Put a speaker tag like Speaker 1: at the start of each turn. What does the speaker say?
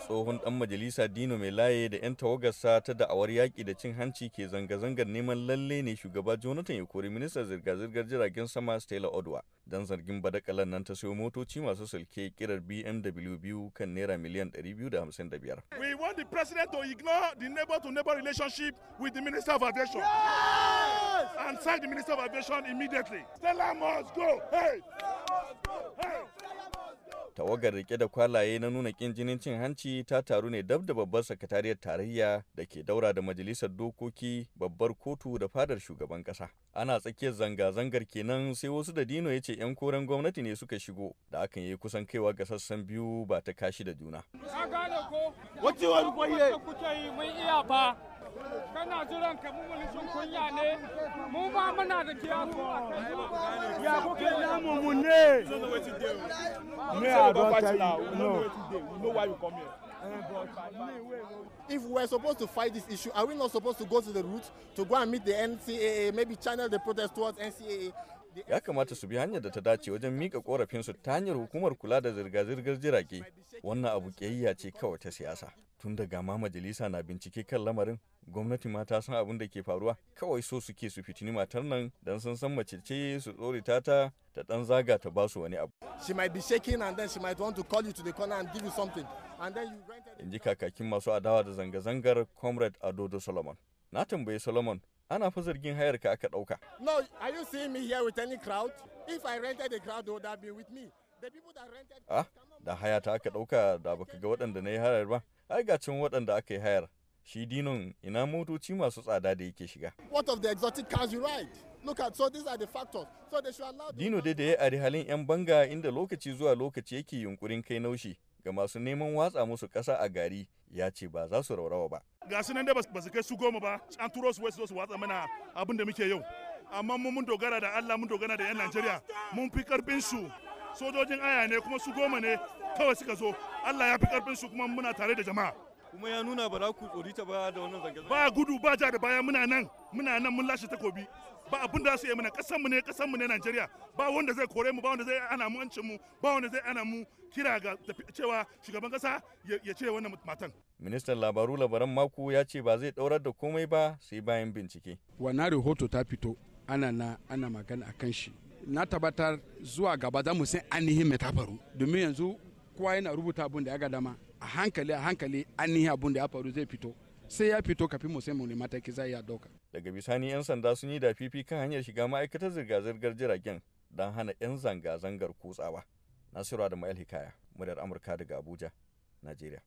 Speaker 1: tsohon dan majalisa dino mai laye da 'yan tawagarsa ta da'awar yaƙi da cin hanci ke zanga-zangar neman lalle ne shugaba jonathan ya kori ministan zirga-zirgar jiragen sama stella odwa don zargin badakalan nan ta sayo motoci masu sulke kirar bmw biyu kan naira miliyan 255
Speaker 2: we want the president to ignore the neighbor to neighbor relationship with the minister of aviation yes! and sack the minister of aviation immediately stella must go hey!
Speaker 1: tawagar rike da kwalaye na nuna kin jinin cin hanci ta taru ne dab da babbar sakatariyar tarayya da ke daura da majalisar dokoki babbar kotu da fadar shugaban kasa ana tsakiyar zanga-zangar kenan sai wasu da dino ya ce 'yan koren gwamnati ne suka shigo da akan yi kusan kaiwa ga sassan biyu ba ta kashi da juna.
Speaker 2: gane kana jiran ka mu mulkin kunya ne mu ma muna da kiyasu a kai ya kuke namu mu ne me i don tell you no you why you come here If we're supposed to fight this issue, are we not supposed to go to the roots to go and meet the NCAA, maybe channel the protest towards NCAA
Speaker 1: ya kamata su bi hanyar da ta dace wajen mika ƙorafinsu ta hanyar hukumar kula da zirga-zirgar jirage wannan abu ƙiyayya ce kawai ta siyasa tun daga ma majalisa na bincike kan lamarin gwamnati ma ta san abin da ke faruwa kawai so suke su fitini matar nan dan sun san mace ce su tsori ta ta dan zaga ta basu wani abu she might be shaking and then she might want to call you to the corner and give you something and then you rented... inji kakakin masu adawa da zanga-zangar comrade adodo solomon na tambayi solomon ana fa zargin hayar ka aka ɗauka.
Speaker 2: No, are you seeing me here with any crowd? If I rented the crowd, would that be with me? The people that rented...
Speaker 1: Ah, da haya ta aka ɗauka da baka ga waɗanda na yi hayar ba. Ai ga cin waɗanda aka yi hayar. Shi dinon ina motoci masu tsada da yake shiga.
Speaker 2: What of the exotic cars you ride? Look at, so these are the factors. So they should allow...
Speaker 1: Dino dai da ya ari halin 'yan banga inda lokaci zuwa lokaci yake yunkurin kai naushi. ga masu neman watsa musu ƙasa a gari ya ce ba za su raurawa ba.
Speaker 2: Ga su nan da ba su kai su goma ba, an turo su wai su watsa mana abin da muke yau. Amma mun mun dogara da Allah mun dogara da 'yan Najeriya mun fi karfin su sojojin aya ne kuma su goma ne kawai suka zo Allah ya fi karfin su kuma muna tare da jama'a. Kuma ya nuna ba za
Speaker 1: ku tsorita ba da wannan zanga
Speaker 2: Ba gudu ba ja da baya muna nan muna nan mun lashe takobi. ba abin da su yi mana kasan mu ne kasan ne Najeriya ba wanda zai kore mu ba wanda zai ana mu ancin mu ba wanda zai ana mu kira ga cewa shugaban kasa ya ce wannan matan
Speaker 1: ministan labaru labaran mako ya ce ba zai daurar da komai ba sai bayan bincike
Speaker 2: wannan rahoto ta fito ana na ana magana akan shi na tabbatar zuwa gaba za mu san ainihin mai ta faru domin yanzu kowa yana rubuta abin da ya ga dama a hankali a hankali ainihin abin da ya faru zai fito sai ya fito kafin mu sai mu mataki za ya ɗauka
Speaker 1: daga bisani yan sanda sun yi dafifi kan hanyar shiga ma'aikatar zirga-zirgar jiragen don hana yan zanga-zangar kutsawa nasiru da ma'il hikaya muryar amurka daga abuja najeriya